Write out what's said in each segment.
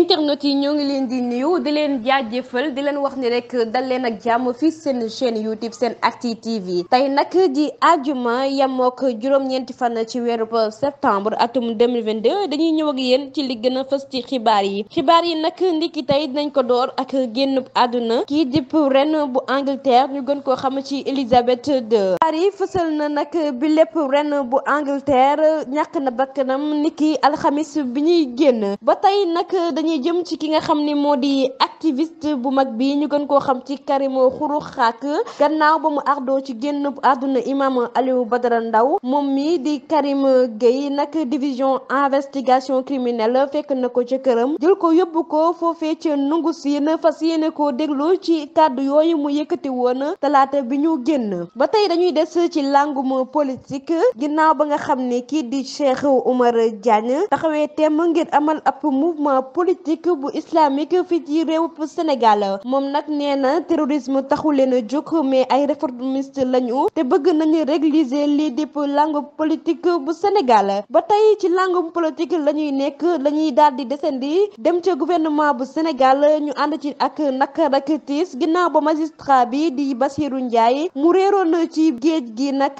internet yi ñoo ngi leen di nuyu di leen jaajëfal di leen wax ni rek dal leen ak jàmm fii seen chaîne youtube seen acti tv tey nag di ajuma yamook juróom-ñeenti fan ci weeru septembre atum 2022 dañuy ñëw ak yéen ci li gën a fës ci xibaar yi xibaar yi nag ndiki tey dinañ ko door ak génn àdduna kii jëpp ren bu Angleterre ñu gën koo xam ci Elizabeth II xibaar yi fësal na nag bi lépp ren bu Angleterre ñàkk na bakkanam niki alxamis bi ñuy génn dañuy jëm ci ki nga xam ne moo di activiste bu mag bi ñu gën koo xam ci Karim Xurum Xaak gannaaw ba mu ardoo ci génn àdduna imam Aliou Badara Ndaw moom mi di Karim Gueye nag division investigation criminelle fekk na ko ca këram jël ko yóbbu ko foofee ca nungu siin fas yéene ko déglu ci kàddu yooyu mu yëkkati woon talaata bi ñu génn ba tey dañuy des ci làngum politique ginnaaw ba nga xam ne kii di Cheikh Oumar Diagne taxawee temm ngir amal ab mouvement politique bu islamique fii ci réew bu Sénégal moom nag nee na terrorisme taxu leen a jóg mais ay réformiste lañu te bëgg nañu régliser lii di langue politique bu Sénégal ba tey ci langue politique la ñuy nekk la ñuy daal di descendi dem ca gouvernement bu Sénégal ñu ànd ci ak nakar ak tiis ginnaaw ba magistrat bi di basiru Ndiaye mu réeroon ci géej gi nag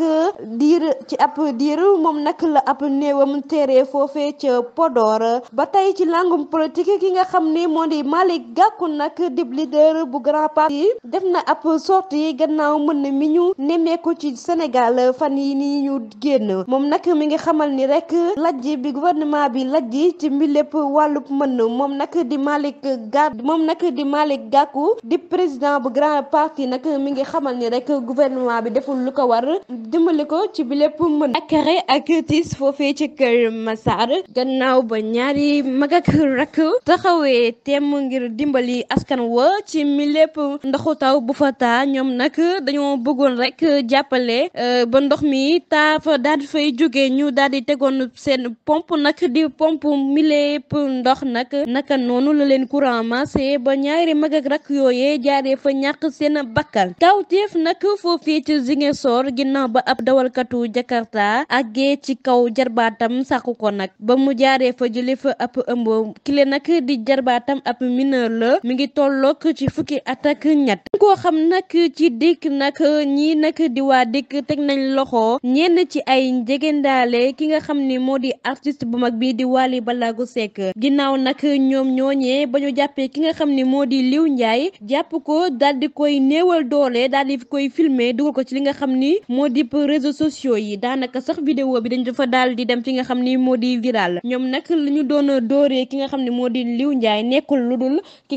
diir ci ab diir moom nag la ab néewam téere foofe ca Podor ba tey ci langum politique ki nga xam ne moo di Malick Gakou sàkku nag dib leader bu grand parti def na ab sortie gannaaw mën na mi ñu nemmeeku ci Sénégal fan yi nii ñu génn moom nag mi ngi xamal ni rek lajj bi gouvernement bi lajj ci mbi lépp wàllub mën moom nag di Malick Gakou moom nag di Malick Gakou di président bu grand parti nag mi ngi xamal ni rek gouvernement bi deful lu ko war dimbali ko ci bi lépp ak akare ak tiis foofee ci Kër Massar gannaaw ba ñaari mag ak rakk taxawee temm ngir dimbali dimbali askan wa ci mi lépp ndoxu taw bu fa taa ñoom nag dañoo bëggoon rek jàppale euh, ba ndox mi taa fa daal fay jógee ñu daal di tegoon seen pomp nag di pompe mi lépp ndox nag naka noonu la leen courant massé ba ñaari mag ak rak yooyee jaaree fa ñàkk seen bakkal kawteef nag foofee ci Ziguinchor ginnaaw ba ab dawalkatu Jakarta àggee ci kaw jarbaatam sàkku ko nag ba mu jaaree fa jële fa ab ëmb kile nag di jarbaatam ab mineur la mu ngi tollook ci fukki at ak ñett koo xam nag ci dikk nag ñii nag di waa dikk teg nañ loxo ñenn ci ay njegendaale ki nga xam ni moo di artiste bu mag bi di Wally Ballago Seck ginnaaw nag ñoom ñooñee ba ñu jàppee ki nga xam ni moo di Liw Ndiaye jàpp ko daal di koy néewal doole daal di koy filmer dugal ko ci li nga xam ni moo di réseaux sociaux yi daanaka sax vidéo bi dañ dafa daal di dem fi nga xam ni moo di viral ñoom nag li ñu doon dóoree ki nga xam ni moo di Liw Ndiaye nekkul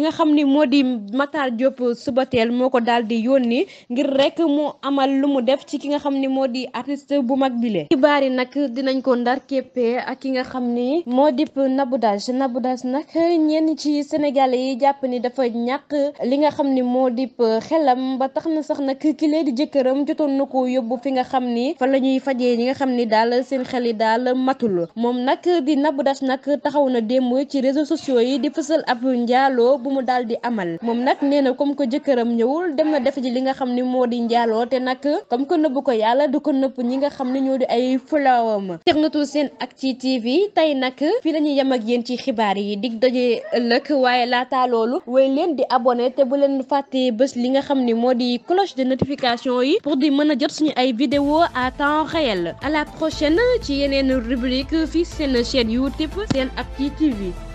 nga xam ni moo di Matar Diop Subatel moo ko daal di yónni ngir rek mu amal lu mu def ci ki nga xam ni moo di artiste bu mag bilee xibaar yi nag dinañ ko ndar képpee ak ki nga xam ni moo di Naboudash Naboudash nag ñenn ci Sénégalais yi jàpp ni dafa ñàkk li nga xam ni moo di xelam ba tax na sax nag ki leen di jëkkëram jotoon na ko yóbbu fi nga xam ni fa la ñuy fajee ñi nga xam ni daal seen xel yi daal matul moom nag di Naboudash nag taxaw na démb ci réseaux sociaux yi mu daal di amal moom nag nee na comme que jëkkëram ñëwul dem na defe ji li nga xam ni moo di njaaloo te nag comme que nëbb ko yàlla du ko nëbb ñi nga xam ne ñoo di ay fulaawam texnatu seen ak ci TV tey nag fii la ñuy yem ak yéen ci xibaar yi dig daje ëllëg waaye laataa loolu way leen di abonné te bu leen fàtte bés li nga xam ni moo di cloche de notification yi pour di mën a jot suñu ay vidéo à temps réel à la prochaine ci yeneen rubrique fii seen chaîne YouTube seen ak ci TV